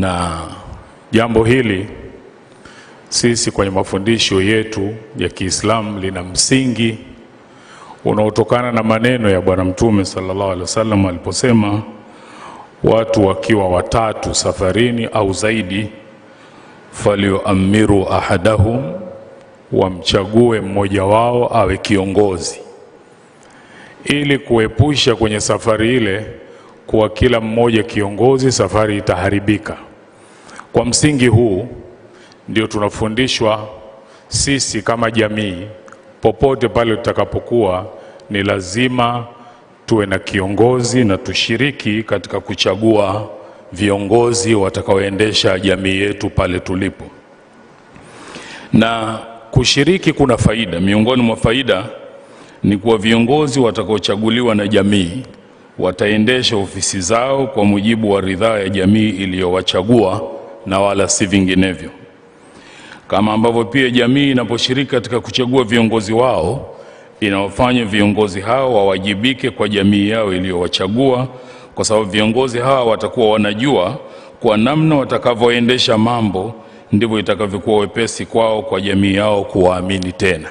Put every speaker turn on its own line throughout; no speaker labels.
na jambo hili sisi kwenye mafundisho yetu ya Kiislamu lina msingi unaotokana na maneno ya Bwana Mtume sallallahu alaihi wasallam aliposema, watu wakiwa watatu safarini au zaidi, falioamiru ahadahum, wamchague mmoja wao awe kiongozi, ili kuepusha kwenye safari ile kuwa kila mmoja kiongozi, safari itaharibika. Kwa msingi huu ndio tunafundishwa sisi kama jamii, popote pale tutakapokuwa, ni lazima tuwe na kiongozi na tushiriki katika kuchagua viongozi watakaoendesha jamii yetu pale tulipo. Na kushiriki kuna faida, miongoni mwa faida ni kuwa viongozi watakaochaguliwa na jamii wataendesha ofisi zao kwa mujibu wa ridhaa ya jamii iliyowachagua na wala si vinginevyo, kama ambavyo pia jamii inaposhiriki katika kuchagua viongozi wao inawafanya viongozi hao wawajibike kwa jamii yao iliyowachagua, kwa sababu viongozi hawa watakuwa wanajua kwa namna watakavyoendesha mambo ndivyo itakavyokuwa wepesi kwao kwa jamii yao kuwaamini tena.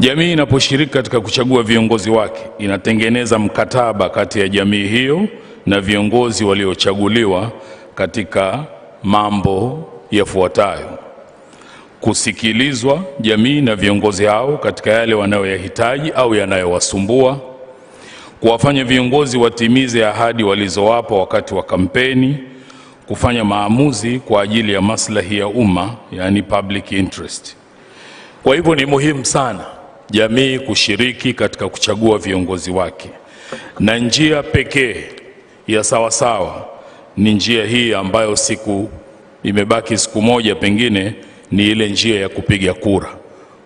Jamii inaposhiriki katika kuchagua viongozi wake inatengeneza mkataba kati ya jamii hiyo na viongozi waliochaguliwa katika mambo yafuatayo: kusikilizwa jamii na viongozi hao katika yale wanayoyahitaji au yanayowasumbua, kuwafanya viongozi watimize ahadi walizowapa wakati wa kampeni, kufanya maamuzi kwa ajili ya maslahi ya umma, yani public interest. Kwa hivyo ni muhimu sana jamii kushiriki katika kuchagua viongozi wake, na njia pekee ya sawasawa ni njia hii ambayo siku imebaki siku moja pengine, ni ile njia ya kupiga kura,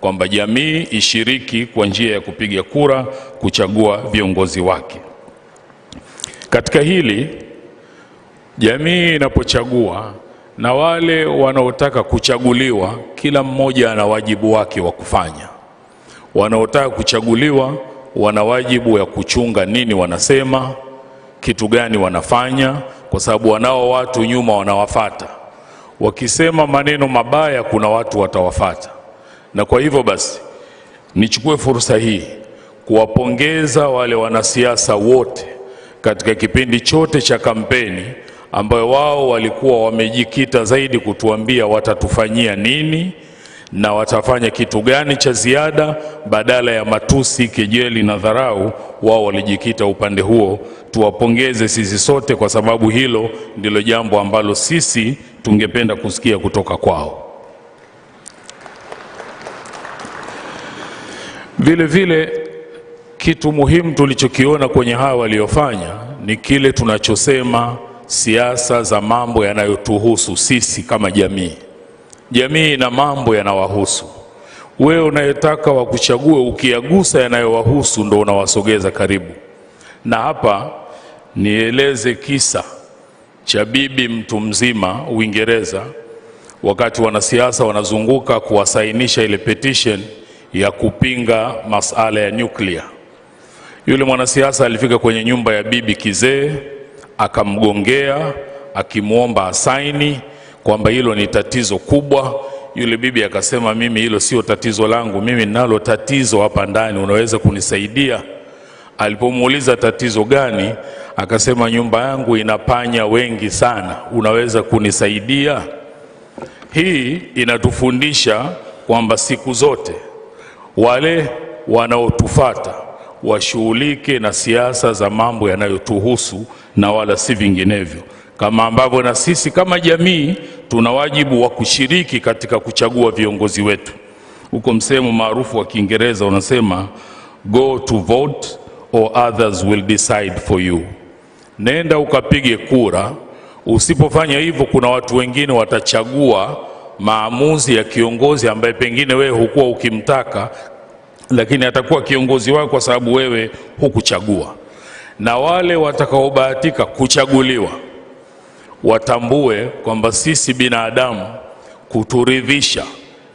kwamba jamii ishiriki kwa njia ya kupiga kura kuchagua viongozi wake. Katika hili jamii inapochagua na wale wanaotaka kuchaguliwa, kila mmoja ana wajibu wake wa kufanya. Wanaotaka kuchaguliwa wana wajibu ya kuchunga nini wanasema, kitu gani wanafanya, kwa sababu wanao watu nyuma wanawafata. Wakisema maneno mabaya, kuna watu watawafata. Na kwa hivyo basi, nichukue fursa hii kuwapongeza wale wanasiasa wote katika kipindi chote cha kampeni ambayo wao walikuwa wamejikita zaidi kutuambia watatufanyia nini na watafanya kitu gani cha ziada badala ya matusi, kejeli na dharau. Wao walijikita upande huo. Tuwapongeze sisi sote, kwa sababu hilo ndilo jambo ambalo sisi tungependa kusikia kutoka kwao. Vile vile kitu muhimu tulichokiona kwenye hawa waliofanya ni kile tunachosema siasa za mambo yanayotuhusu sisi kama jamii jamii na mambo yanawahusu. Wewe unayetaka wakuchague, ukiyagusa yanayowahusu ndo unawasogeza karibu. Na hapa nieleze kisa cha bibi mtu mzima Uingereza, wakati wanasiasa wanazunguka kuwasainisha ile petition ya kupinga masala ya nyuklia. Yule mwanasiasa alifika kwenye nyumba ya bibi kizee, akamgongea akimwomba asaini kwamba hilo ni tatizo kubwa. Yule bibi akasema, mimi hilo sio tatizo langu, mimi nalo tatizo hapa ndani, unaweza kunisaidia? Alipomuuliza tatizo gani, akasema, nyumba yangu inapanya wengi sana, unaweza kunisaidia? Hii inatufundisha kwamba siku zote wale wanaotufata washughulike na siasa za mambo yanayotuhusu na wala si vinginevyo kama ambavyo na sisi kama jamii tuna wajibu wa kushiriki katika kuchagua viongozi wetu. Huko msemo maarufu wa Kiingereza unasema go to vote or others will decide for you. Nenda ukapige kura, usipofanya hivyo kuna watu wengine watachagua maamuzi ya kiongozi ambaye pengine wewe hukuwa ukimtaka, lakini atakuwa kiongozi wako kwa sababu wewe hukuchagua. Na wale watakaobahatika kuchaguliwa watambue kwamba sisi binadamu kuturidhisha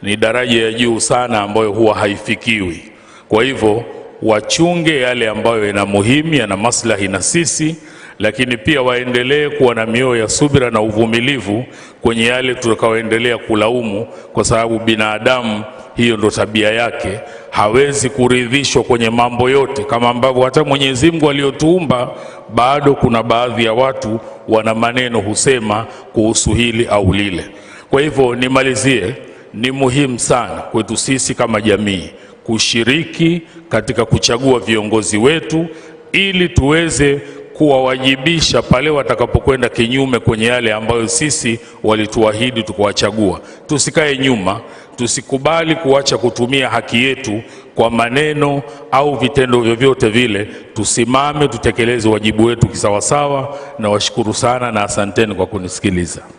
ni daraja ya juu sana ambayo huwa haifikiwi. Kwa hivyo wachunge yale ambayo yana muhimu, yana maslahi na sisi, lakini pia waendelee kuwa na mioyo ya subira na uvumilivu kwenye yale tutakaoendelea kulaumu, kwa sababu binadamu hiyo ndo tabia yake. Hawezi kuridhishwa kwenye mambo yote, kama ambavyo hata Mwenyezi Mungu aliyotuumba bado kuna baadhi ya watu wana maneno husema kuhusu hili au lile. Kwa hivyo nimalizie, ni muhimu sana kwetu sisi kama jamii kushiriki katika kuchagua viongozi wetu ili tuweze kuwawajibisha pale watakapokwenda kinyume kwenye yale ambayo sisi walituahidi tukawachagua. Tusikae nyuma, Tusikubali kuacha kutumia haki yetu kwa maneno au vitendo vyovyote vile. Tusimame tutekeleze wajibu wetu kisawasawa, na washukuru sana na asanteni kwa kunisikiliza.